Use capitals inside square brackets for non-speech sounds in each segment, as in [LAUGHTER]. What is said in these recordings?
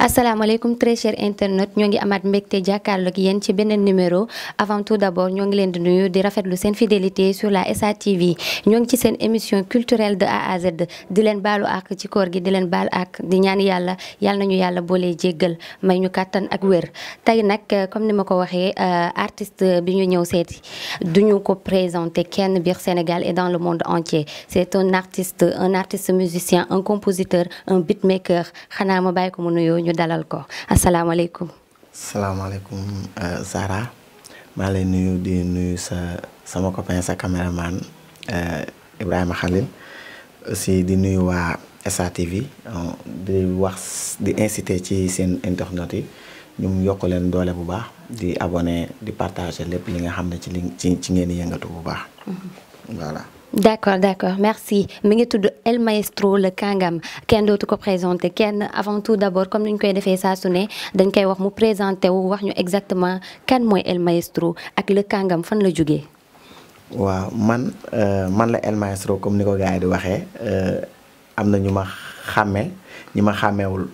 asalaamaaleykum très cher internaute ñoo ngi amaat mbégte jàkkaarloog yéen ci beneen numéro avant tout d' ñoo ngi leen di nuyu di rafetlu seen fidélité sur la SA ñoo ngi ci seen émission culturelle de A di leen baalu ak ci koor gi di leen baal ak di ñaan yàlla yàlla ñu yàlla boole jéggal may ñu kàttan ak wér tey nag euh, comme ni ma ko waxee euh, artiste bi ñu ñëw seeti du duñu ko présenter kenn biir Sénégal et dans le monde entier c' est un artiste un artiste musicien un compositeur un beatmaker xanaa ma bàyyi ko mu nuyoo ñu dalal ko asalaamaaleykum. salaamaaleykum euh, Zara maa lay nuyu di nuyu sa sama copain sa caméraman euh, Ibrahima Khalil aussi di nuyu waa SA euh, di wax di inciter ci seen internet yi ñu yokk leen doole bu baax di abonné di partager lépp li nga xam ne ci li ci ci ngeen yëngatu bu baax. Mm-hmm. voilà. d'accord d'accord merci mi ngi tudd El Maestro le Kangam kenn dootu ko présenté kenn avant tout d'abord comme ni ñu koy defee saa sune ne dañ koy wax mu présenté wu wax ñu exactement kan mooy El Maestro ak le kàngam fan la jóge waaw man euh, man la El Maestro comme ni ko gars yi di waxee euh, am na ñu ma xàmme ñi ma xàmmewul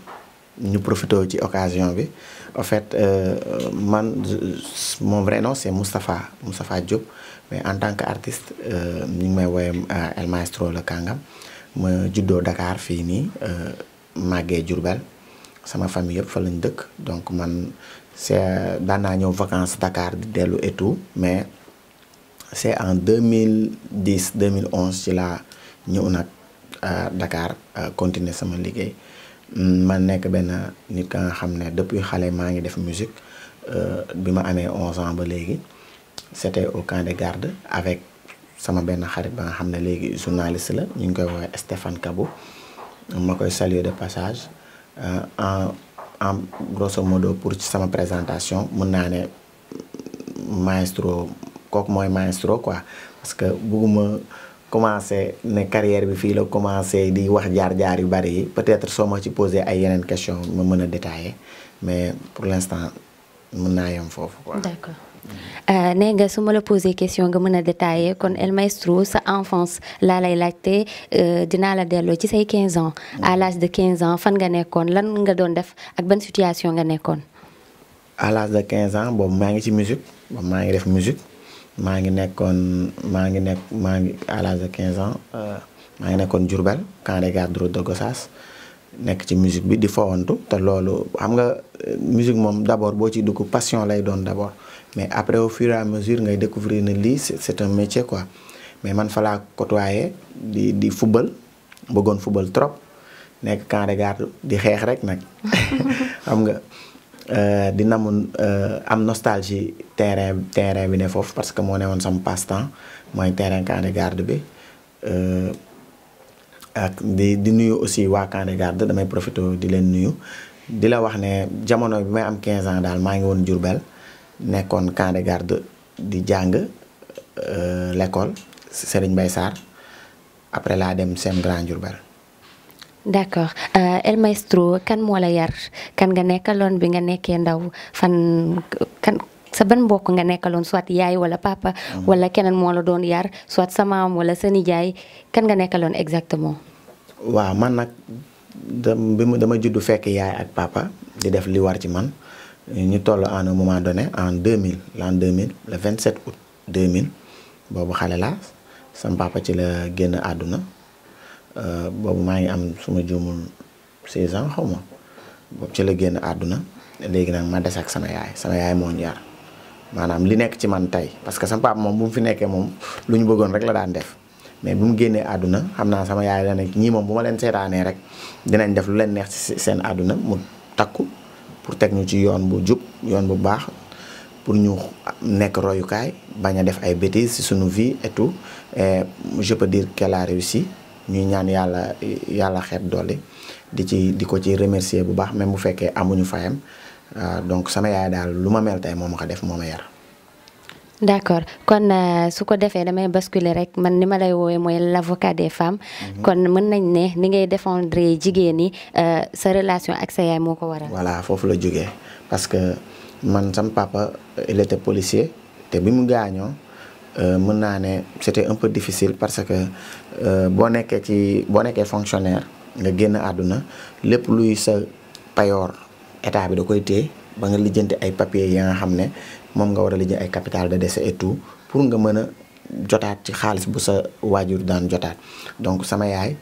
ñu profité ci occasion bi en fait euh, man mon vrai nom c'est Moustapha Moustapha Diop. mais en tant que artiste euh, ñu ngi may woowee euh, El Maestro la Kàngam ma juddoo dakaar fii nii euh, màggee Diourbel sama famille yëpp fa lañ dëkk donc man c'est daan ñëw vacances Dakar di dellu et mais c'est en mille mille 2011 ci laa ñëw nag Dakar continuer sama liggéey man nekk benn nit ka nga xam ne depuis xale maa ngi def musique bi ma amee 11 ans ba léegi. c'était au camp de garde avec sama benn xarit ba nga xam ne léegi journaliste la ñu ngi koy woowee Stéphane Kabou ma koy saluer de passage euh, en en grosso pour ci sama présentation mun naa ne maestro kooku mooy maestro quoi parce que bugguma commencé ne carrière bi fii la commencé di wax jaar-jaar yu bari yi peut-être soo ma ci posé ay yeneen question ma mën a détailler mais pour l'instant mun naa yem foofu quoi. Euh, nee nga su ma la posé question nga mën a détailler kon El Maestro sa enfance laa lay laajte euh, dinaa la delloo ci say quinze ans. à mm-hmm. lage de quinze ans fan nga nekkoon lan nga doon def ak ban situation nga nekkoon. à l'âge de 15 ans boobu maa ngi ci musique boobu maa ngi def musique maa ngi nekkoon maa ngi nekk maa ngi à l'âge de 15 ans euh, maa ngi nekkoon Diourbel camp des gardes de Gossas. nekk ci musique bi di fawantu te loolu xam nga musique moom d'abord boo ci dugg passion lay doon d'abord mais après au fur à mesure ngay découvrir ne lii c'est un métier quoi mais man fa laa côtoyé di di football bëggoon football trop nekk camp di xeex rek nag [LAUGHS] xam nga euh, di namoon euh, am nostalgie terrain terrain bi ne foofu parce que moo ne woon sama passe-temps mooy terrain camp de garde bi euh, ak di di nuyu aussi waa camp de damay profité di leen nuyu di la wax ne jamono bi may am quinze ans daal maa ngi woon Diourbel nekkoon camp de garde di jàng euh, l'école Serigne bay Sarr après laa dem seen Grand Diourbel. d'accord euh, El Maestro kan moo la yar kan nga nekkaloon bi nga nekkee ndaw fan sa ban mbokk nga nekkaloon soit yaay wala papa. Mm-hmm. wala keneen moo la doon yar soit sa maam wala sa nijaay kan nga nekkaloon exactement. waaw man nag dama bi dama juddu fekk yaay ak papa di def li war ci man. ñu toll à un moment donné en 2000 l'an 2000 le 27 août 2000 boobu xale laa sama papa ci la génn àdduna euh, boobu maa ngi am suma juumul 16 ans xaw ma boobu ci la génn àdduna léegi nag ma des ak sama yaay sama yaay moo ñu yar maanaam li nekk ci man tey parce que sama papa moom bu mu fi nekkee moom lu ñu bëggoon rek la daan def mais bu mu génnee àdduna xam naa sama yaay la ne ñii moom bu ma leen seetaanee rek dinañ def lu leen neex ci seen àdduna mu takku. pour teg ñu ci yoon bu jub yoon bu baax pour ñu nekk royukaay bañ a def ay bêtises ci suñu vie et tout et je peux dire qu'elle a réussi ñuy ñaan yàlla yàlla xeeb doole di ci di ko ci remercier bu baax même bu fekkee amuñu fayam euh, donc sama yaay daal lu ma mel moom moo ma def moo ma yar. d' accord kon euh, su ko defee damay basculer rek man ni ma lay woowee mooy l' avocat des femmes. Mhm. kon mën nañ ne ni ngay défendre jigéen ñi euh, sa relation ak yaay moo ko waral. voilà foofu la jógee parce que man sam papa il policier te bi mu gaañoo euh, mën naa ne c' était un peu difficile parce que boo nekkee ci boo nekkee fonctionnaire nga génn àdduna lépp luy sa payoor état bi da koy téye ba nga lijjanti ay papiers yi nga xam ne. moom nga war a lijjanti ay capital de décès et pour nga mën a jotaat ci xaalis bu sa waajur daan jotaat donc sama yaay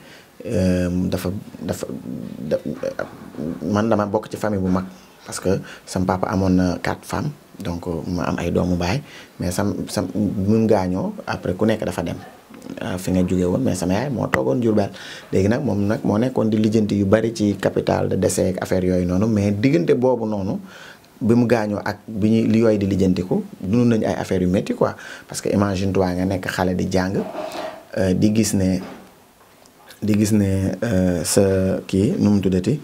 euh, dafa dafa man dama bokk ci famille bu mag parce que sam papa amoon na quatre femmes donc euh, ma am ay doomu baay mais sam sam mun gaañoo après ku nekk dafa dem euh, fi nga jóge woon mais sama yaay moo toogoon Jurbel léegi nag moom nag moo nekkoon di lijjanti yu bari ci capital de décès ak affaire yooyu noonu mais diggante boobu noonu bi mu gaañoo ak bi ñuy li yooyu di lijjantiku dund nañu ay affaires yu métti quoi parce que imagine toi nga nekk xale di jàng euh, di gis ne di gis ne euh, sa kii nu mu tuddati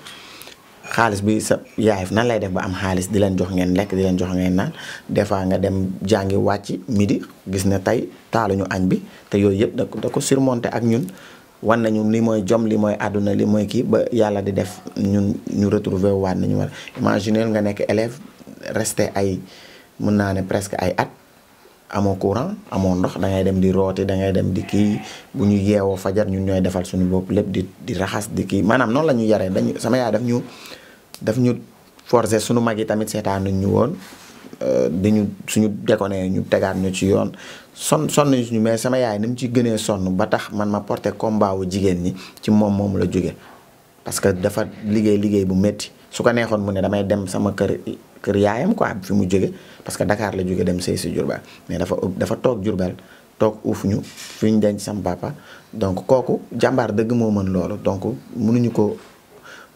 xaalis bi sa yaay nan lay def ba am xaalis di leen jox ngeen lekk di leen jox ngeen naan des fois nga dem jàngi wàcc midi gis ne tey taaluñu añ bi te yooyu yëpp da ko da ak ñun wan nañu li mooy jom li mooy àdduna li mooy kii ba yàlla di def ñun ñu retrouver waat nañu war imaginer nga nekk élève reste ay mën naa ne presque ay at amoo courant amoo ndox dangay dem di rooti da ngay dem di kii bu ñu yeewoo fajar ñun ñooy defal suñu bopp lépp di di raxas di kii maanaam noonu la ñu yaree dañu sama yaay daf ñu daf ñu forcer suñu mag yi tamit seetaanuñ ñu woon dañu suñu déconné ñu tegaat ñu ci yoon son sonn suñu mais sama yaay ni mu ci gënee sonn ba tax man ma porté combat baawu jigéen ñi ci moom moomu la jóge parce que dafa liggéey liggéey bu métti su ko neexoon mu ne damay dem sama kër kër yaayam quoi fi mu jóge parce que Dakar la jóge dem sëy si Diourbel mais dafa dafa toog Diourbel toog uuf ñu fi ñu denc sama donc kooku jàmbaar dëgg moo mën loolu donc mënuñu ko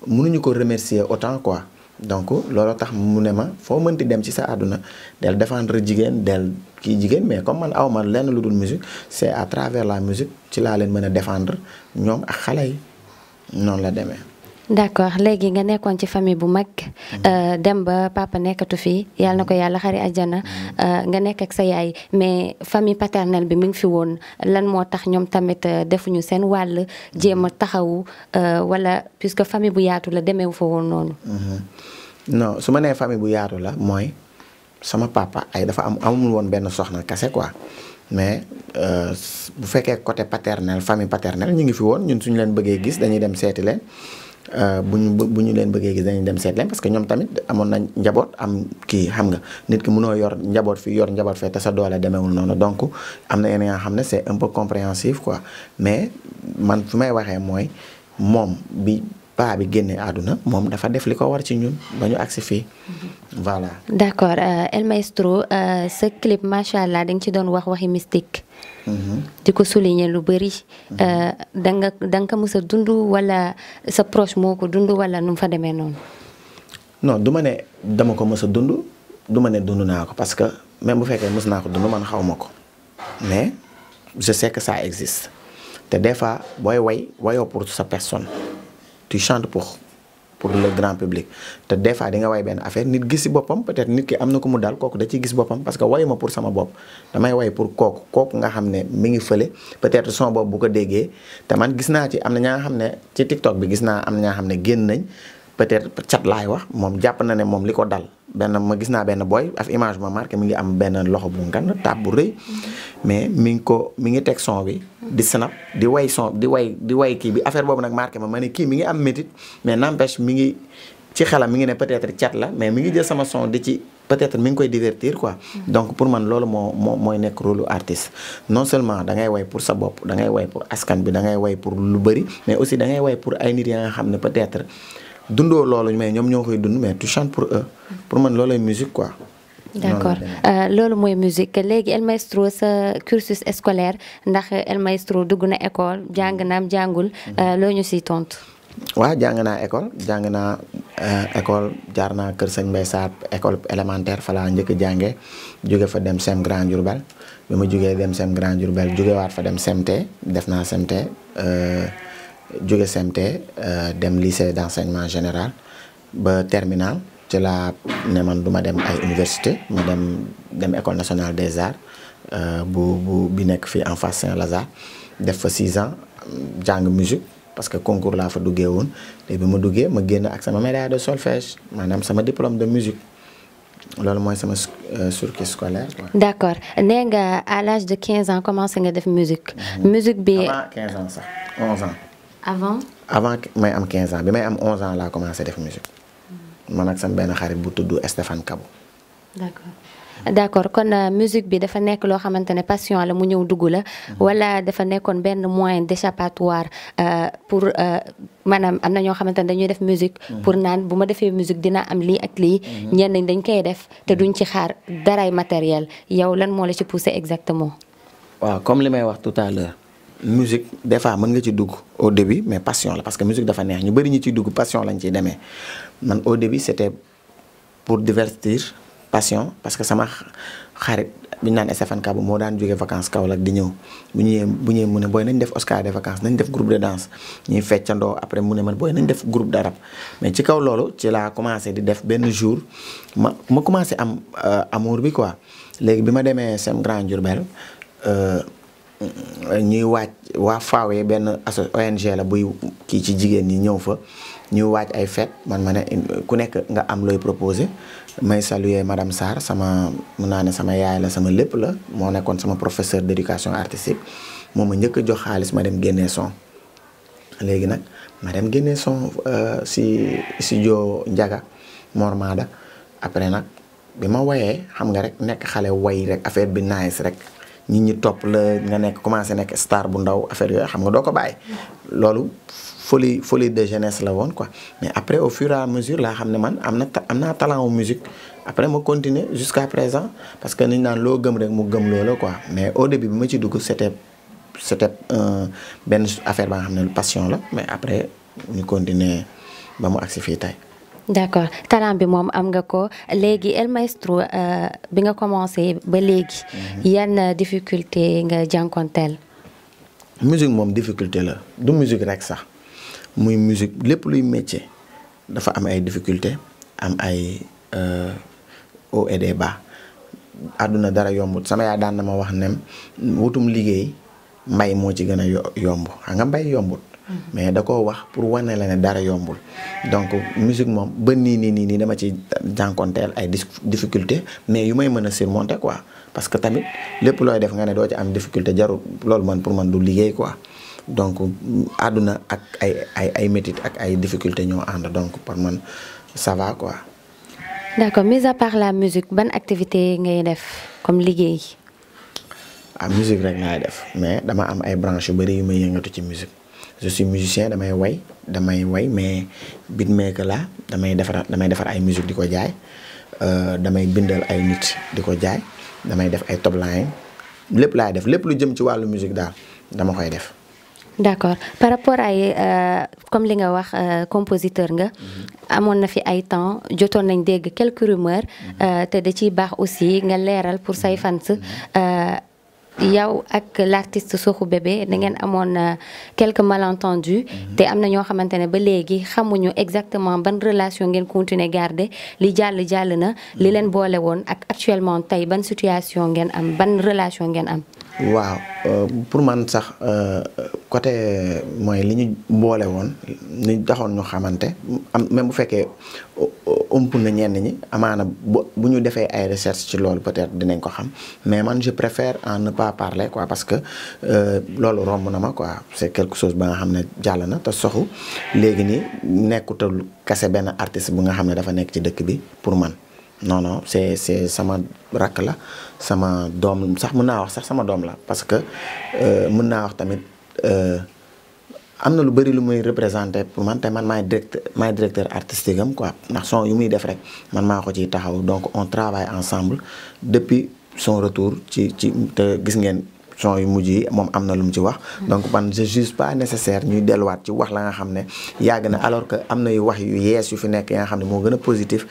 mënuñu ko remercier autant quoi donc looloo tax mu ne ma foo mënti dem ci sa àdduna del défendre jigéen del kii jigéen mais comme man aw ma lenn lu dul musique c'est à travers la musique ci laa leen mën a défendre ñoom a xale yi noonu la demee. d'accord léegi nga nekkoon ci famille bu mag mm-hmm. euh, dem ba papa nekkatu fi yàlla ko yàlla xari àjjana mm-hmm. euh, nga nekk ak sa yaay mais famille paternelle bi mi ngi fi woon lan moo tax ñoom tamit euh, defuñu seen wàll mm-hmm. jéem a taxawu wala puisque famille bu yaatu la demeewu fa woon noonu. non su ma nee famille bu yaatu la mooy sama papa ay dafa am amul woon benn soxna kese quoi mais bu fekkee côté paternel famille paternelle ñu ngi fi woon ñun suñu leen bëggee gis dañuy dem seeti leen. Euh, bu ñu bu ñu leen bëggee gis dañuy dem seet leen parce que ñoom tamit amoon na njaboot am kii xam nga nit ki munoo yor njaboot fii yor njaboot fee te sa doole demeewul noonu donc am na yeneen nga xam ne c'est un peu compréhensif koi mais man fi may waxee mooy moom bi. paa bi génnee àdduna moom dafa def li ko war ci ñun ba ñu agsi fii voilà. d' accord euh, El Maestro sa euh, clip macha allah da nga ci doon wax waxi mystique. Mhm. di ko souligner lu bëri. Mhm. Euh, da nga da ko mës dund wala sa proche moo ko dund wala nu mu fa demee noonu. non du ma ne dama ko mës a dund du ma ne dund naa ko parce que même bu fekkee mës naa ko dund man xawma ko mais je sais que ça existe te des fois booy way wayoo pour sa personne. tu chantes pour pour le grand public te des fois di nga way benn affaire nit gis si boppam peut-être nit ki am na ko mu daal kooku da ciy gis boppam parce que wayu ma pour sama bopp damay way pour kooku kooku nga xam ne mi ngi fële peut-être bopp bu ko déggee te man gis naa ci am na ñaa nga xam ne ci TikTok bi gis naa am na ñaa xam ne génn nañ peut-être cat laay wax moom jàpp na ne moom li ko dal benn ma gis naa benn booy af image ma marqué mi ngi am benn loxo bu ngan taab bu rëy mais mi ngi teg son bi di snap di way son di way di way kii bi affaire boobu nag marqué ma ma ne kii mi ngi am métit mais n'empêche mi ngi ci xelam mi ngi ne peut-être cat la mais mi ngi jël sama son di ci peut-être mi ngi koy divertir quoi donc pour man loolu moo moo mooy nekk rôle artiste non seulement da ngay way pour sa bopp da ngay way pour askan bi da ngay way pour lu bëri mais aussi da ngay way pour ay nit ya nga xam ne peut-être dundo loolu mais ñoom ñoo koy dund mais tu pour eux pour man loolay musique quoi. d'accord euh, loolu mooy musique léegi El Maestro sa cursus scolaire ndax El Maestro dugg na école jàng naam jàngul mhm. euh, loo ñu siy tontu. waaw jàng naa école jàng naa euh, école jaar naa Kër Sëñ mbay Sarr école élémentaire fala njëkk a jàngee jóge fa dem sem Grand Diourbel bi ma jógee dem sem Grand juge jógewaat fa dem CMT def naa CMT. jóge CMT euh, dem lycée d'enseignement général ba terminal ci laa ne man du ma dem ay université ma dem dem école nationale des arts euh, bu bu bi nekk fii en face Saint-Lazare def fa six ans jàng musique parce que concours laa fa duggee woon te bi ma duggee ma génn ak sama médaille de solfège maanaam sama diplôme de musique loolu mooy sama euh, circuit scolaire. d' accord nee nga à l'âge de quinze ans commencé nga def musique. Mhm. musique bi avant quinze ans avant. avant may am 15 ans bi may am 11 ans laa commencé def musique man ak sama benn xarit bu tudd Stéphane Kabou. d'accord d'accord kon euh, musique bi dafa nekk loo xamante ne passion la mu ñëw dugg la. Mhm. wala dafa nekkoon benn moyen d'échappatoire euh, pour euh, maanaam am na ñoo xamante ne dañuy def musique. Mhm. pour naan bu ma defee musique dina am lii ak lii. Mhm. ñenn dañ koy def te duñ ci xaar daray matériel yow lan moo la ci poussé exactement. waaw comme li may wax tout à musique des fois mën nga ci dugg au début mais passion la parce que musique dafa neex ñu bëri ñu ciy dugg passion lañ ciy demee man au début c'était pour divertir passion parce que sama xarit bi ñu naan Stéphane Kabou moo daan jógee vacances Kaolack di ñëw bu ñëwee bu ñëwee mu ne booy nañ def Oscar des vacances nañ def groupe de danse ñuy feccandoo après mu ne man booy nañ def groupe d'arabe mais ci kaw loolu ci laa commencé di def benn jour ma ma commencé am euh, amour bi quoi léegi bi ma demee sem Grand Diourbel euh, Mm, ñuy waaj waa Fawe benn asso ONG la buy kii ci jigéen ñi ñëw fa ñuy waaj ay fet man ma ne ku nekk nga am looy proposé may saluer madame Sarr sama mun naa ne sama yaay la sama lépp la moo nekkoon sama professeur d'éducation artistique moom ma njëkk jox xaalis ma dem génnee son léegi nag ma dem génnee son euh, si studio Ndiaga Mor Maada après nag bi ma wayee xam nga rek nekk xale way rek affaire bi nice rek. nit ñi topp la nga nekk commencé nekk star bu ndaw affaire yooyu xam nga doo ko bàyyi loolu folie folie de jeunesse la woon quoi mais après au fur et à mesure laa xam ne man am na am naa talent wu musique après ma continuer jusqu'à présent parce que niñ naan loo gëm rek mu gëm loola quoi mais au début bi ma ci dugg c'était c'était benn affaire baa nga xam ne passion la mais après ñu continuer ba mu agsi fii tey d'accord talent bi moom am nga ko léegi El Maestro euh, bi nga commencé ba léegi. Mhm. yan euh, difficulté nga jànkonteel. musique moom difficulté la du musique rek sax muy musique lépp luy métier dafa am ay difficulté am ay euh, hauts et des àdduna dara yombut sama yaay daan wax ne wutum liggéey mbay moo ci gën a yomb xam nga mbay yombut. mais da koo wax pour wane la ne dara yombul donc musique moom ba nii nii nii nii dama ci jànkonteel ay difficulté mais yu may mën a surmonter quoi parce que tamit lép looy def nga ne doo ci am difficulté jarul loolu man pour man du liggéey quoi donc àdduna ak ay ay ay ak ay difficulté ñoo ànd donc pour man ça va quoi d'accord mis à part la musique ban activité ngay def comme liggéey ah musique rek laay def mais dama am ay branches yu bëri yu may yëngatu ci musique je suis musicien damay way damay way mais beatmaker la damay defar damay defar ay musique di ko jaay euh, damay bindal ay nit di ko jaay damay def ay top line lépp laay def lépp lu jëm ci wàllu musique daal dama koy def. d'accord par rapport ay euh, comme li nga wax euh, compositeur nga. Mhm. amoon na fi ay temps jotoon nañ dégg quelques rumeurs. Mhm. te da ciy baax aussi nga leeral pour say mhm. fans. yow ak l'artiste Sokhou Bébé da ngeen amoon euh, quelques malentendus mhm. te am na ñoo xamante ne ba léegi xamuñu exactement ban relation ngeen continuer garde li jàll jàll na li mhm. leen boole woon ak actuellement tey ban situation ngeen am ban relation ngeen am. waaw euh, pour man sax euh, côté mooy li ñu boole woon li taxoon ñu xamante am bu fekkee ëmp na ñeen ñi amaana bu ñu defee ay recherche ci loolu peut-être dinañ ko xam mais man je préfère en ne pas parler quoi parce que euh, loolu romb na ma quoi c'est quelque chose ba nga xam ne jàll na te soxu léegi nii nekkutal kase benn artiste bu nga xam ne dafa nekk ci dëkk bi pour man non non c'est sama rakk la sama doom sax mën naa wax sax sama doom la parce que euh, mën naa wax tamit euh, am na lu bëri lu muy représenté pour man te man maay directeur maay directeur artistique am quoi ndax son yu muy def rek man maa ko ciy taxaw donc on travaille ensemble depuis son retour ci ci gis ngeen son yu mujj yi moom am na lu mu ci wax. Mm. donc man je juge nécessaire ñuy delluwaat ci wax la nga xam ne yàgg na alors que am na yu wax yu yees yu fi nekk ya nga xam ne moo gën a positif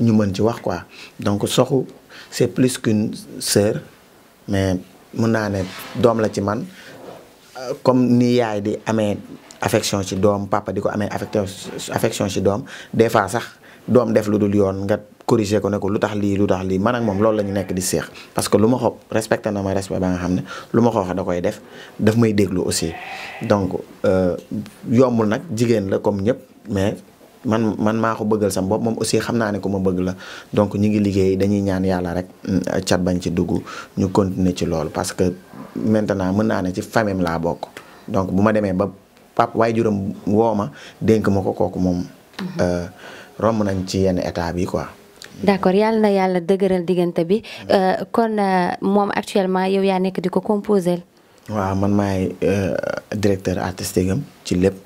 ñu mën ci wax quoi donc Soxu c'est plus qu'une sœur mais mun naa ne doom la ci man. comme ni yaay di amee affection ci doom papa di ko amee affection ci doom des fois sax doom def lu dul yoon nga corriger ko ne ko lu tax lii lu tax lii man ak moom loolu la ñu nekk di seex parce que lu ma xob respecté na ma respect ba nga xam ne lu ma ko wax da koy def daf may déglu aussi donc euh, yombul nag jigéen la comme ñëpp mais man man maa ko bëggal sam bopp aussi xam naa ne ko ma bëgg la donc ñu ngi liggéey dañuy ñaan yàlla rek mm, cat bañ ci dugg ñu continuer ci loolu parce que maintenant mën naa ne ci famem laa bokk donc bu ma demee ba pap waaye juróom woo ma dénk ma ko kooku moom mhm. euh, romb nañ ci yenn état bi quoi d'accord yàlla na yàlla dëgëral diggante bi euh, kon euh, moom actuellement yow yaa nekk di ko composer waaw man maay directeur artistique am ci lépp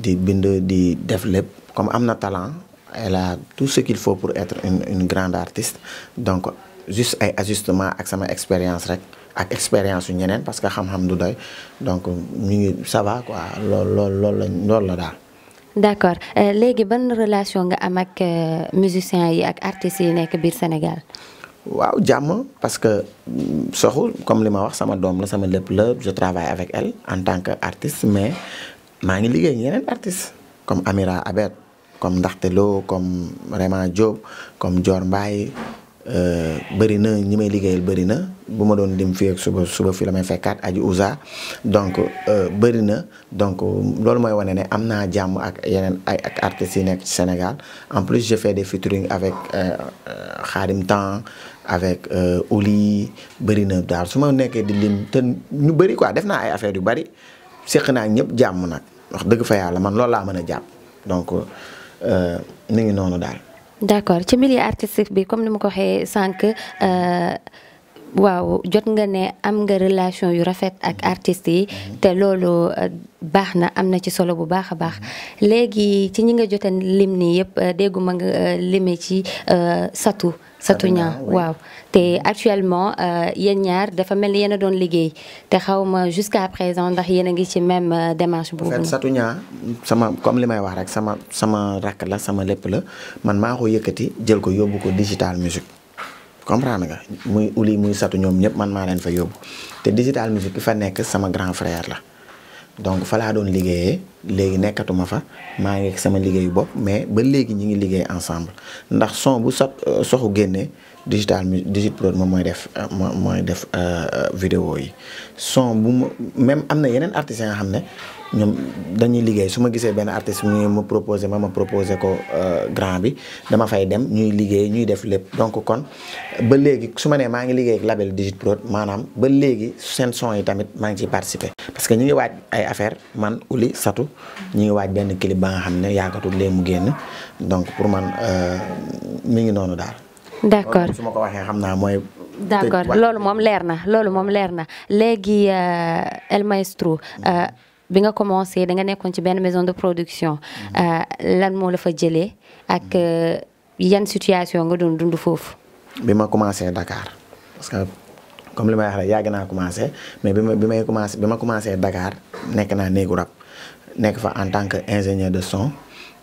di bind di def lépp comme am na talent elle la tout ce qu'il faut pour être une grande artiste donc juste ay ajustement ak sama expérience rek ak expérience yu ñeneen parce que xam-xam du doy donc ñu ngi ça va quoi lool lool loolu la loolu la daal. d'accord euh, léegi ban relation nga am ak euh, musiciens yi ak artistes yi nekk biir Sénégal. waaw jàmm parce que mm, soxu comme li ma wax sama doom la sama lépp la je travaille avec elle en tant que artiste mais maa ngi liggéey yeneen artistes comme Amira Abed comme Ndaxte Lo comme Raymond Diop comme joor Mbaye Euh, bëri na ñi may liggéeyal bëri na bu ma doon lim fii suba suba fi fekkaat aji usa donc euh, bëri na donc loolu mooy wane ne am naa jàmm ak yeneen ay ak artistes yi nekk ci Sénégal en plus je fais des featuring avec euh, Khadim temps avec Oli bëri na daal su ma nekkee di lim te ñu bëri quoi def naa ay affaires yu bëri seq naa ñëpp jàmm nag wax dëgg fa yàlla man loolu laa mën a jàpp donc ni ngi noonu daal d'accord ci milieu artistique bi comme ni ma ko xee sànq euh, waaw jot nga ne am nga relation yu rafet ak artistes yi te loolu euh, baax na am na ci solo bu baax a baax léegi ci ñi nga jote lim nii yëpp euh, dégguma nga lime ci Satou Satouñan waaw te actuellement euh, yéen ñaar dafa mel ni yéen a doon liggéey te xaw ma jusqu'à présent ndax yéen a ngi ci même euh, démarche bu en satuña sama comme li may wax rek sama sama rakk la sama lépp la man maa ko yëkkati jël ko yóbbu ko digital musique comprendre nga muy uli muy satu ñoom ñëpp man maa leen fa yóbbu te digital musique bi fa nekk sama grand frère la donc fa laa doon liggéeyee. léegi nekkatuma fa maa ngi sama liggéeyu bopp mais ba léegi ñu ngi liggéey ensemble ndax son bu sat euh, soxu génnee digital digit prod moom mooy def euh, mooy def euh, vidéo yi son bu ma même am na yeneen artistes yi nga xam ne ñoom dañuy liggéey su gisee benn artiste mu ma proposé ma ma proposé ko grand bi dama fay dem ñuy liggéey ñuy def lépp donc kon ba léegi su ma nee maa ngi liggéey ak label Digit Prod maanaam ba léegi seen son yi tamit maa ngi ciy participer parce que ñu ngi waaj ay affaire man Uli Satu ñu ngi waaj benn clip ba nga xam ne yaakatul lee mu génn donc pour man euh, mi ngi noonu daal. d'accord su xam naa mooy. d'accord loolu moom leer na loolu moom leer na léegi euh, El Maestro euh, bi nga commencé da nga nekkoon ci benn maison de production mhm. lan moo la jëlee ak mhm. yan situation nga doon dund foofu. bi ma commencé Dakar parce que comme li may wax yàgg naa commencé mais bi ma may commencé bi ma commencé Dakar nekk naa néegu rab. nekk fa en tant que ingénieur de son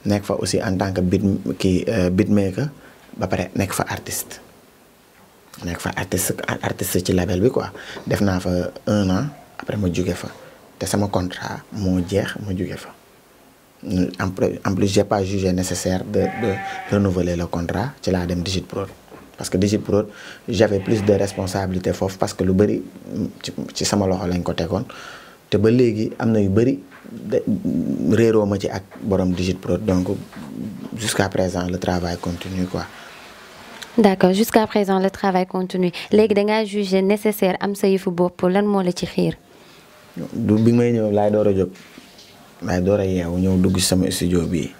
nekk fa aussi en tant que beat kii euh, beatmaker ba pare nekk fa artiste nekk fa artiste artiste ci label bi quoi def naa fa un an après ma juge fa te sama contrat moo jeex moo jóge fa en plus j'ai pas jugé nécessaire de renouveler le contrat ci laa dem Digit Prod parce que Digit Prod j'avais plus de responsabilité foofu parce que lu bëri ci sama loxo lañ ko tegoon te ba léegi am na yu bëri réeroo ma ci ak borom Digit Prod donc jusqu'à présent le travail continue quoi. d'accord jusqu'à présent le travail continue léegi da ngaa jugé nécessaire am sa fu bopp lan moo la ci xiir. du bi may ñëw laay door a jóg laay door a yeewu ñëw dugg ci sama studio bii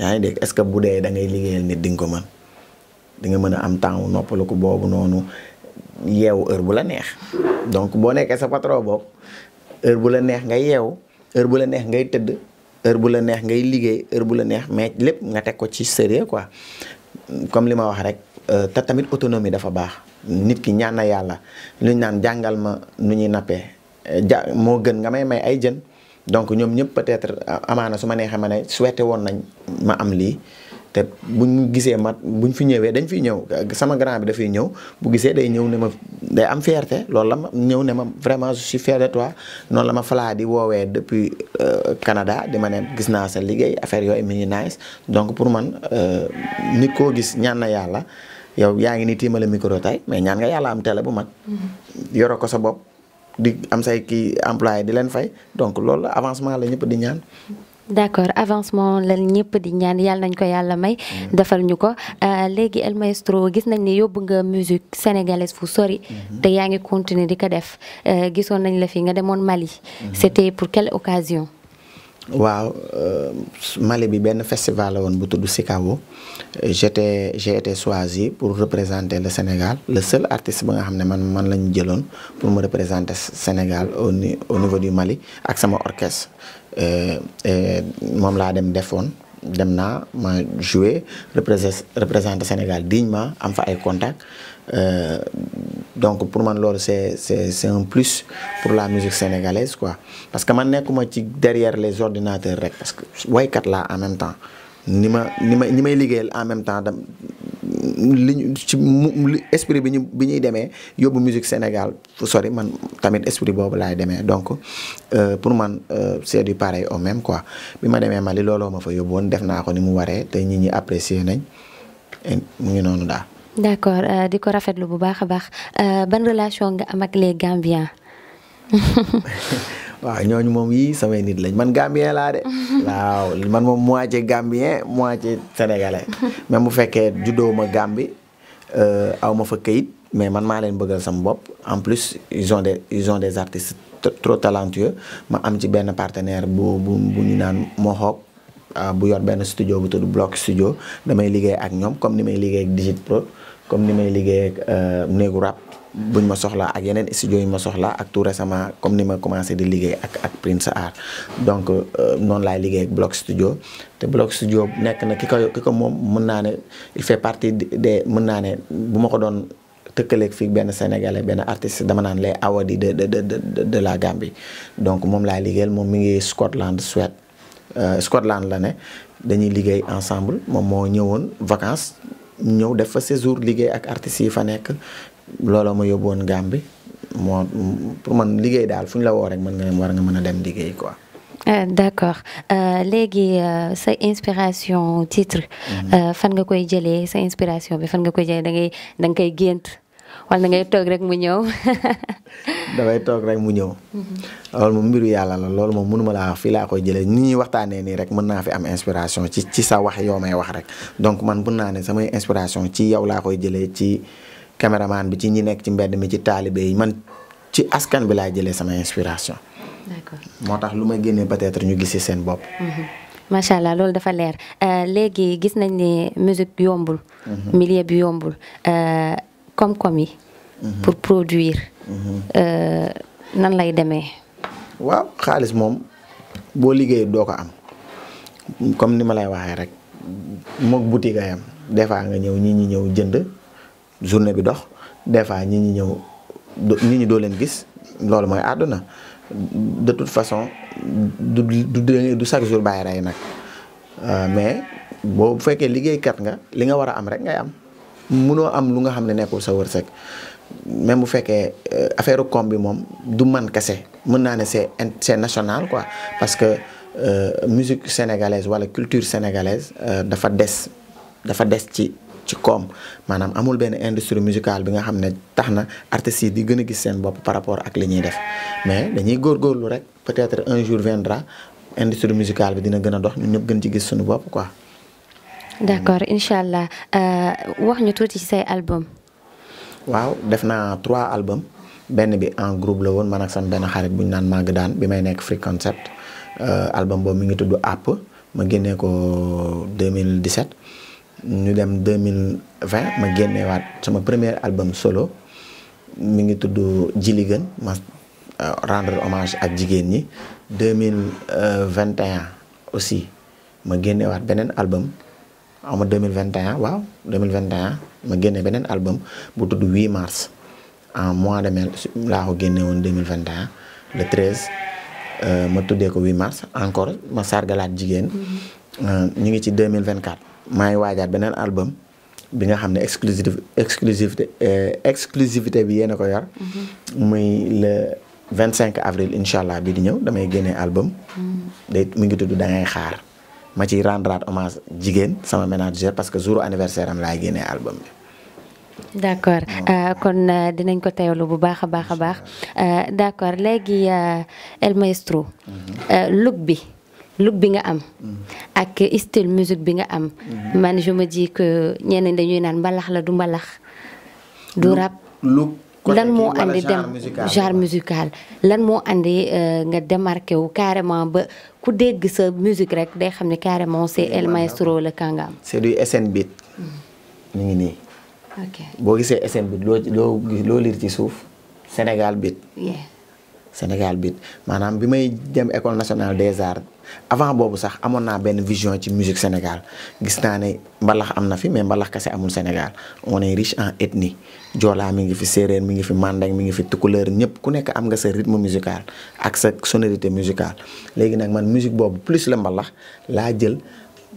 yaa ngi dégg es ce que bu dee da ngay liggéeyal nit di nga ko mën di nga mën a am temps wu ko boobu noonu yeewu heure bu la neex donc boo nekkee sa patron boobu. heure bu la neex ngay yeewu heure bu la neex ngay tëdd heure bu la neex ngay liggéey heure bu la neex mee lépp nga teg ko ci sérieux quoi comme li ma wax rek euh, te tamit autonomie dafa baax nit ki ñaan na yàlla lu ñu naan jàngal ma nu ñuy nappee euh, ja moo gën nga may may ay jën donc ñoom ñëpp peut-être amaana su ma neexee ma ne souhaité woon nañ ma am lii te buñ gisee mat buñ fi ñëwee dañ fi ñëw sama grand bi dafay ñëw bu gisee day ñëw ne ma day am fierté loolu la ma ñëw ne ma vraiment je suis fier de toi noonu la ma falaa di woowee depuis euh, Canada di ma ne gis naa sa liggéey affaire yooyu mi ngi nice donc pour man euh, nit koo gis ñaan na yàlla yow yaa ngi ni tiimale micro tey mais ñaan nga yàlla am télé bu mag mm-hmm. yoro ko sa bopp di am say kii employé di leen fay donc loolu avancement la ñëpp di ñaan d'accord avancement la ñëpp di ñaan yàlla nañ ko yàlla may. defal ñu ko euh, léegi El Maestro gis nañ ne yóbbu nga musique sénégalaise fu sori. Mhm. te yaa ngi continuer di ko def euh, gisoon nañ la fi nga demoon Mali. Mhm. c'était pour quelle occasion. waaw euh, Mali bi benn festival la woon bu tudd Sikawo j'étais j'ai été choisi pour représenter le Sénégal le seul artiste ba nga xam ne man man la ñu jëloon pour mu représenter Sénégal au au niveau du Mali ak sama orchestre. Euh, euh, moom laa dem defoon dem naa ma joué représenté sénégal Sénégal dignement am fa ay contacts euh, donc pour man loolu c'est c'est c'est un plus pour la musique sénégalaise quoi parce que man nekkuma ci derrière les ordinateurs rek parce que waykat laa en même temps ni ma ni ma ni may liggéeyal en même temps li ñu esprit bi ñu bi ñuy demee yóbbu musique Sénégal fu sori man tamit esprit boobu laay demee donc euh, pour man euh, c'est du pareil au même quoi bi ma demee Mali looloo ma fa yóbbu woon def naa ko ni mu waree te nit ñi apprécier nañ mu ngi noonu daal. d'accord euh, di ko rafetlu bu baax a baax ban relation nga am ak les Gambiens. [LAUGHS] waaw ñooñu moom yii samay nit lañ man Gambien laa de. [LAUGHS] waaw man moom moitié Gambien moitié sénégalais même bu fekkee juddoo ma Gambie euh, aw ma fa kayit mais man maa leen bëggal sama bopp en plus ils ont des ils ont des artistes trop talentueux ma am ci benn partenaire bu bu bu ñu naan Mohawk Ah, bu yor benn studio bu tudd block studio damay liggéey ak ñoom comme ni may liggéey ak digit comme ni may liggéey ak euh, néegu rab buñ ma soxlaa ak yeneen studio yi ma soxla ak toure récemment comme ni ma commencé di liggéey ak ak Prince Art donc euh, noonu laay liggéey ak block studio te block studio nekk na ki ko ki moom mën naa ne il fait partie des mën naa ne bu ma ko doon tëkkaleeg fii benn sénégalais benn artiste dama naan lay awadi de de de de la Gambie donc moom laay liggéeyal moom mi ngi Scotland Suède Euh, Scotland la ne dañuy liggéey ensemble moom moo ñëwoon vacances ñëw def fa séjour liggéey ak artistes yi fa nekk looloo ma yóbbu woon Gambie moo pour man liggéey daal fu ñu la woo rek mën nga dem war nga mën a dem liggéey quoi. Euh, d'accord euh, léegi sa inspiration titre. Mm-hmm. fan nga koy jëlee sa inspiration bi fan nga koy jëlee da ngay da koy gént. wala da ngay toog rek mu ñëw. [LAUGHS] damay toog rek mu mhm. loolu moom mbiru yàlla la loolu moom mënuma laa wax fii laa koy jëlee ni ñuy waxtaanee nii rek mën naa fi am inspiration ci ci sa wax yoo may wax rek donc man mën naa ne samay inspiration ci yow laa koy jëlee ci caméraman bi ci ñi nekk ci mbedd mi ci taalibe yi man ci askan bi laa jële samay inspiration. d'accord moo tax lu ma génnee peut ñu gis seen bopp. Mhm. macha allah loolu dafa leer euh, léegi gis nañ ne musique yombul. Mhm. milieu bi yombul. Euh, koom-koom yi. Mhm. pour produire. Mhm. Euh, nan lay demee. waaw xaalis moom boo liggéeyee doo ko am comme ni ma lay waxee rek moog boutique ayam des fois nga ñëw ñi ñi ñëw jënd journée bi dox des fois ñi ñi ñëw ñi doo leen gis loolu mooy àdduna de toute façon du du du chaque jour bàyyi rek nag euh, mais boo fekkee liggéeykat nga li nga war a am rek ngay am. munoo am lu nga xam ne nekkul sa wërsëg même bu fekkee euh, affaire koom bi moom du man kese mën naa ne c'est c'est national quoi parce que euh, musique sénégalaise wala culture sénégalaise euh, dafa des dafa des ci ci koom maanaam amul benn industrie musicale bi nga xam ne tax na artistes yi di gën a gis seen bopp par rapport ak li ñuy def mais dañuy góorgóorlu rek peut-être un jour viendra industrie musicale bi dina gën a dox ñun ñëpp gën ci gis suñu bopp quoi d'accord incha allah euh, wax ñu tuuti ci say album. waaw def naa trois album benn bi en group la woon man ak sama benn xarit bu ñu naan màgg daan bi may nekk Free Concept euh, album boobu mi ngi tudd àpp ma génnee ko 2017 ñu dem 2020 ma génneewaat sama premier album solo mi ngi tudd Jili ma euh, rendre hommage ak jigéen ñi 2021 aussi ma génnewaat beneen album. ama 2021 waaw 2021 ma génne beneen album bu tudd 8 mars en mois de mai laa ko génne woon 2021 le 13 euh, ma tuddee ko 8 mars encore ma sargalaat jigéen mm-hmm. euh, ñu ngi ci 2024 maa ngi waajaat beneen album bi nga xam ne exclusive exclusivité euh, exclusivité bi yéen a ko yor mm-hmm. muy le cinq avril incha allah bi di ñëw damay génne album mm-hmm. day mu ngi tudd da xaar ma ci rendre hommage jigéen sama manager parce que jour anniversaire am laay génnee album bi. d' accord euh, kon euh, dinañ ko teewlu bu baax a baax a baax euh, d' accord léegi El Maestro. Mhm. look bi look bi nga am. Mhm. ak style musique bi nga am. Mhm. man je me dis que ñuy naan mbalax la du mbalax. du rap lan moo andi dem genre musical lan moo andi euh, nga démarqué wu carrément ba ku dégg gisa musique rek day xam ne carrément c'est El Maestro le Kangam. c'est du SN beat. Mm. ngi nii. boo gisee SN beat loo loo loo liir ci suuf Sénégal beat. Sénégal bit maanaam bi may dem école nationale des arts avant boobu sax amoon naa benn vision ci musique Sénégal gis naa ne mbalax am na fi mais mbalax kese amul Sénégal on est riche en ethnie joolaa mi ngi fi séeréer mi ngi fi mandeng mi ngi fi tukuleur ñëpp ku nekk am nga sa rythme musical ak sa sonorité musicale léegi nag man musique boobu plus la mbalax laa jël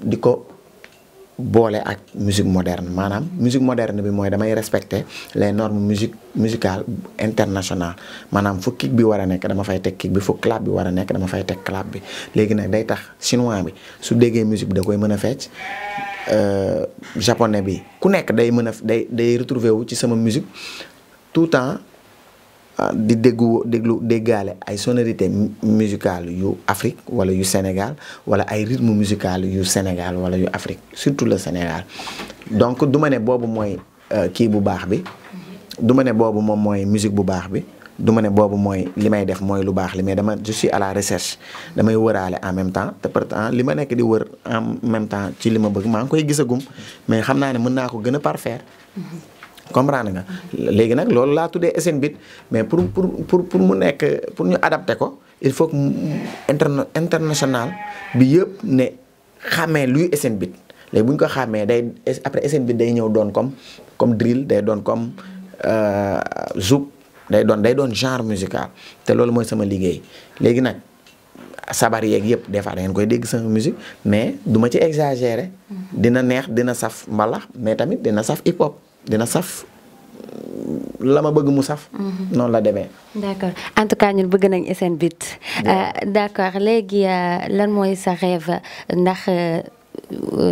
di ko boole ak musique moderne maanaam musique moderne bi mooy damay respecter les normes musique musicales internationales maanaam fu kick bi war a nekk dama fay teg kick bi fu clap bi war a nekk dama fay teg clap bi léegi nag day tax chinois bi su déggee musique bi da koy mën a fecc euh, japonais bi ku nekk day mën a day day retrouver wu ci sama musique tout temps Ah, di déggu déglu déggaale ay sonorité musicale yu Afrique wala yu Sénégal wala ay rythme musical yu Sénégal wala yu Afrique surtout le Sénégal donc du ma ne boobu mooy euh, kii bu baax bi du ma ne boobu moom mooy musique bu baax bi du ma boobu mooy li may def mooy lu baax li mais dama je à la recherche damay wëraale en même temps te pourtant li ma nekk di wër en même temps ci li ma bëgg maa ngi koy gisagum mais xam naa ne mën naa ko gën a parfaire comprendre nga léegi nag loolu laa tuddee SNBIT mais pour pour pour pour mu nekk pour ñu adapté ko il faut que interna international bi yëpp ne xamee luy SNBIT léegi bu ñu ko xamee day après SNBIT day ñëw doon comme comme drill day doon comme euh, zouk day doon day doon genre musical te loolu mooy sama liggéey léegi nag sabar yeeg yëpp des fois da koy dégg sama musique mais duma ci exagérer mm. dina neex dina saf mbalax mais tamit dina saf hip hop dina saf la ma bëgg mu saf. Mhm. noonu la demee. d' accord en tout cas ñun bëgg nañ seen bit. Euh, d' léegi léegi euh, lan mooy sa rêve ndax. Euh,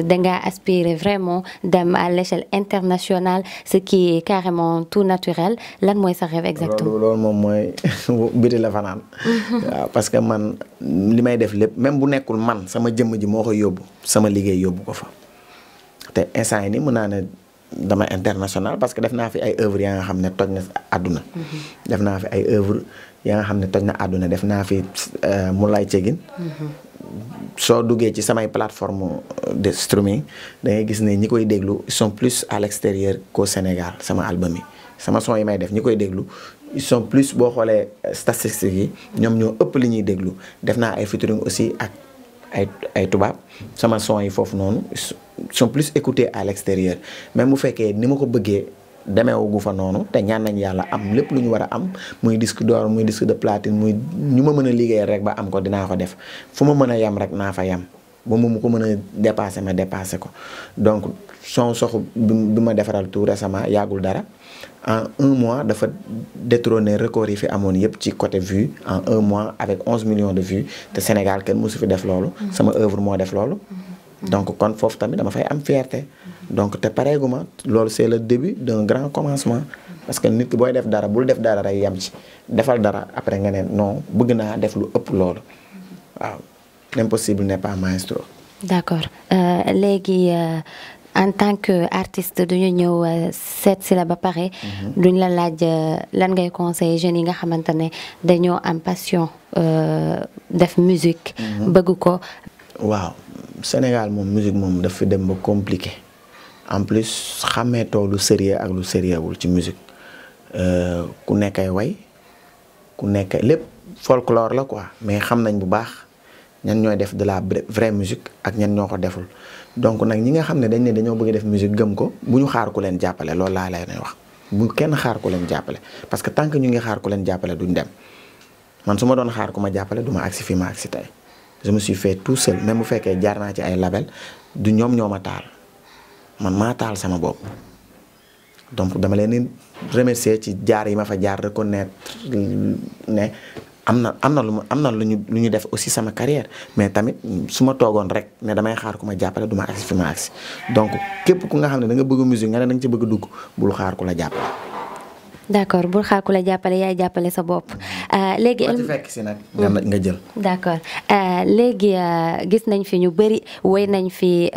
danga aspirer vraiment dem à l'échelle internationale ce qui est carrément tout naturel lan mooy sa rêve exactement. loolu moom mooy [LAUGHS] biti la fanaan mhm. waaw parce que man li may def lépp même bu nekkul man sama jëmm ji moo koy yóbbu sama liggéey yóbbu ko fa te instant yi nii mën naa ne dama international parce que def naa fi ay œuvres yaa mm-hmm. nga xam ne toj na àdduna. def naa fi ay œuvres euh, nga xam ne toj na àdduna def naa fi Moulay Cegin. Mm-hmm. soo duggee ci samay plateforme de streaming da gis ne ñi koy déglu ils sont plus à l'extérieur qu'au Sénégal sama album yi sama son yi may def ñi koy déglu ils sont plus boo xoolee euh, statistiques yi ñoom ñoo ëpp li ñuy déglu def naa ay featuring aussi ak ay ay tubaab sama son yi foofu noonu sont plus écoutés à l'extérieur même bu fekkee ni ma ko bëggee demee demeewagu fa noonu te ñaan nañ yàlla am lépp lu ñu war a am muy disque d'or muy disque de platine muy ñu ma mën a liggéey rek ba am ko dinaa ko def fu ma mën a yem rek naa fa yem ba mu mu ko mën a dépassé ma dépassé ko donc son soxu bi ma defaral tout sama yàggul dara en un mois dafa détrôner record yi fi amoon yëpp ci côté vue en un mois avec 11 millions de vues te Sénégal kenn mosu fi def loolu. Mm-hmm. sama œuvre def loolu. Mm-hmm. donc kon foofu tamit dama fay am fierte donc te pareegu ma loolu c'est le début d'un grand commencement parce que nit ki booy def dara bul def dara rek yem ci defal dara après nga ne noo bëgg naa def lu ëpp loolu waaw l'impossible n'est pas maestro d'accord euh, léegi euh, en tant que artiste duñu ñëw euh, seet si la ba pare mhm. duñ la laaj lan ngay conseiller jeunes yi nga xamante ne dañoo am passion def musique mhm. bëgg ko waaw Sénégal moom musique moom daf fi dem ba compliqué en plus xàmmeetoo lu sérieux ak lu sérieux wul ci musique euh, ku nekkay way ku nekk lépp folklore la quoi mais xam nañ bu baax ñan ñooy def de la vraie musique ak ñan ñoo ko deful donc nag ñi nga xam ne dañ ne dañoo bëgg def musique gëm ko bu ñu xaar ku leen jàppale loolu laa lay wax bu kenn xaar ku leen jàppale parce que tant que ñu ngi xaar ku leen jàppale duñ dem man su ma doon xaar ku ma jàppale du ma agsi je me suis tout seul même bu fekkee jaar naa ci ay label du ñoom ñoo ma taal man maa taal sama bopp donc dama leen di remercier ci jaar yi ma fa jaar reconnaître ne am na am na lu am na lu ñu lu ñu def aussi sama carrière mais tamit su ma toogoon rek ne damay xaar ku ma jàppale du ma agsi fi ma agsi donc képp ku nga xam ne da nga bëgg musique nga ne da nga ci bëgg dugg bul xaar ku la jàppale. d'accord bul xaar ku la jàppale yaay jàppale sa bopp. Euh, léegi fekk si mm. nga jël. d'accord euh, léegi euh, gis nañ fi ñu bëri woy nañ fi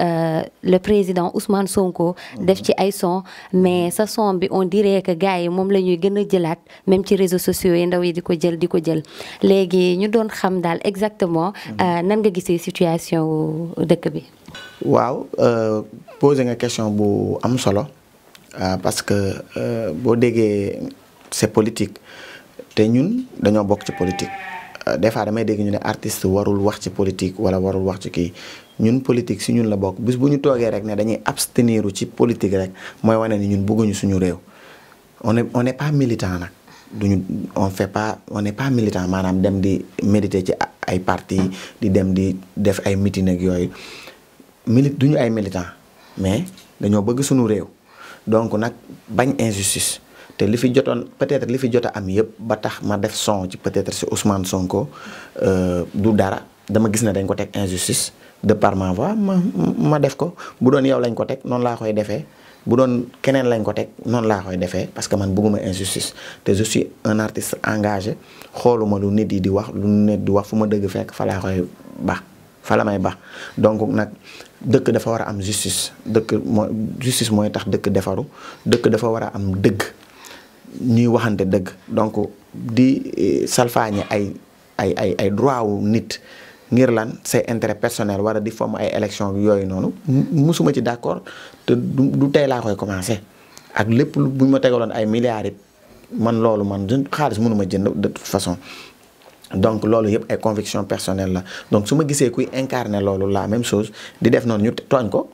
le président Ousmane Sonko. Mm. def ci ay son mais mm. sa son bi on dirait que gars yi moom la ñuy gën a jëlaat même ci réseaux sociaux yi ndaw yi di ko jël di ko jël léegi ñu doon xam daal exactement. nan nga gisee situation dëkk bi. waaw posé nga question bu am solo. ah parce que euh, boo déggee c'est politique te ñun dañoo bokk ci politique euh, des fois damay dégg ñu ne artiste warul wax ci politique wala warul wax ci kii ñun politique si ñun la bokk bis bu ñu toogee rek ne dañuy abstenir ci politique rek mooy wane ni ñun bëgguñu suñu réew on est on n'est pas militant nag duñu on fait pas on n'est pas militant maanaam dem di méditer ci ay parti di dem di def ay meeting ak yooyu mili duñu ay militant mais dañoo bëgg suñu réew donc nag bañ injustice te li fi jotoon peut-être li fi jot am yëpp ba tax ma def son ci peut-être si Ousmane Sonko euh, du dara dama gis ne dañ ko teg injustice de par ma ma def ko bu doon yow lañ ko teg noonu laa koy defee bu doon keneen lañ ko teg noonu laa koy defee parce que man bëgguma injustice te je suis un artiste engagé xooluma lu nit yi di wax lu nit di wax fu ma dëgg fekk fa laa koy baax fa ba donc nag dëkk dafa war a am justice dëkk mooy justice mooy tax dëkk defaru dëkk dafa war a am dëgg ñuy waxante dëgg donc di eh, salfaañe ay ay ay ay droit wu nit ngir lan say intérêt personnel wala di fomm ay élection yooyu noonu musuma ci d'accord te du tey laa koy commencer ak lépp lu bu ñu ma tegaloon ay milliards man loolu man xaalis mënuma jënd de toute façon donc loolu yëpp ay conviction personnelle la donc su ma gisee kuy incarner loolu la même chose di def noonu ñu tooñ ko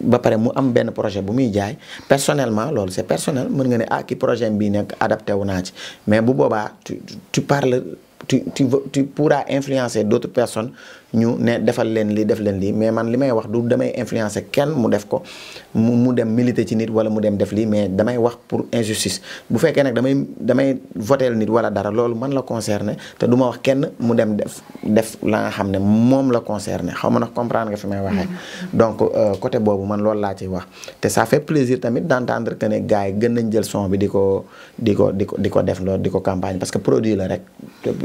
ba pare mu am benn projet bu muy jaay personnellement loolu c'est personnel mën nga ne ah ki projet bii nekk adapté wu naa ci mais bu boobaa tu tu parles tu tu tu pourras influencer d'autres personne ñu ne defal leen li def leen lii mais man li may wax du damay influencer kenn mu def ko mu mu dem militer ci nit wala mu dem def lii mais damay wax pour injustice bu fekkee nag damay damay voteel nit wala dara loolu man la concerné te duma wax kenn mu dem def def la nga xam ne moom la concerné xaw ma nag comprendre nga fi may waxee donc euh, côté boobu man loolu laa ciy wax te ça fait plaisir tamit d'entendre que ne gars yi gën nañ jël son bi di ko di ko di ko di ko def parce que produit la rek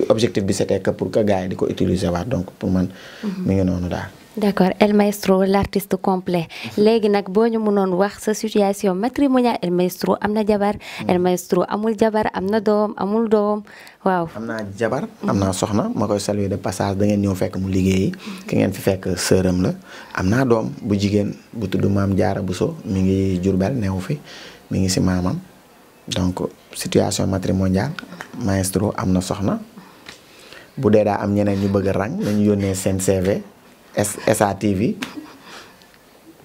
objectif bi c'était yi di ko utiliser waat donc pour man Mm-hmm. mi ngi noonu daal. d'accord El Maestro l'artiste complet mm-hmm. léegi nag boo ñu mënoon wax sa situation matrimoniale El Maestro am na jabar. Mm-hmm. El Maestro amul jabar am na amul doom waaw. am naa jabar am naa soxna ma koy saluer de passage da ngeen ñëw fekk mu liggéeyi ki ngeen fi fekk sëram la am naa doom bu jigéen bu tudd maam Jaara Buso mi ngi Jurbel neewu fi mi ngi si maamam donc situation matrimoniale Maestro am na soxna. bu dee daa am ñeneen ñu bëgg a rang nañu yónnee seen CV SATV.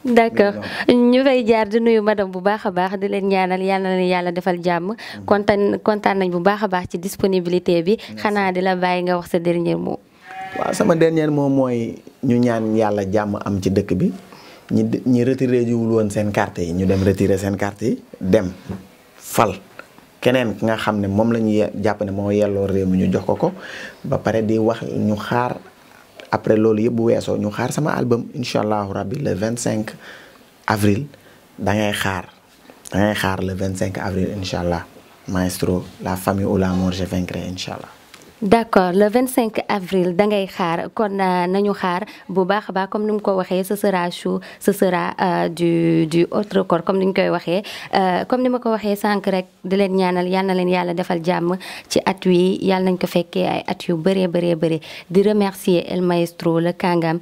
d' accord ñu fay jaar di nuyu madame bu baax a baax di leen ñaanal yal yàlla defal jàmm mm-hmm. kontaan kontaan nañ bu baax a baax ci disponibilité bi xanaa di la bàyyi nga wax sa dernier mot. waaw sama dernier moom mooy ñu ñaan yàlla jàmm am ci dëkk bi ñi ñi retiré jiwul woon seen carte yi ñu dem retiré seen carte yi dem fal. keneen ki nga xam ne moom la ñu jàpp ne moo yelloo réew mi ñu jox ko ko ba pare di wax ñu xaar après loolu yëpp bu weesoo ñu xaar sama album incha allahu rabbi vingt cinq avril da ngay xaar da ngay xaar le cinq avril incha allah maestro la famille ou l'amour je vaincrai incha allah. d'accord le 25 avril da ngay xaar kon euh, nañu xaar bu baax a baax comme ni mu ko waxee ce sera chaud ce sera euh, du du autre corps comme ni ñu koy waxee euh, comme ni ma ko waxee sànq rek di leen ñaanal yal leen yàlla defal jàmm ci at wi yàlla nañ ko fekkee ay at yu bëree bëree bëri di remercier El Maestro le Kangam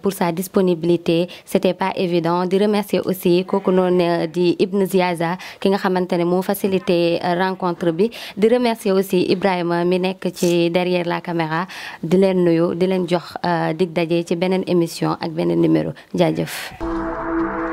pour sa disponibilité c'était pas évident di remercier aussi kooku noonu di Ibn Ziaza ki nga xamante ne moo facilité rencontre bi di remercier aussi Ibrahima mi nekk ci ci derrière la caméra di leen nuyu di leen jox euh, dig daje ci beneen émission ak beneen numéro jaajëf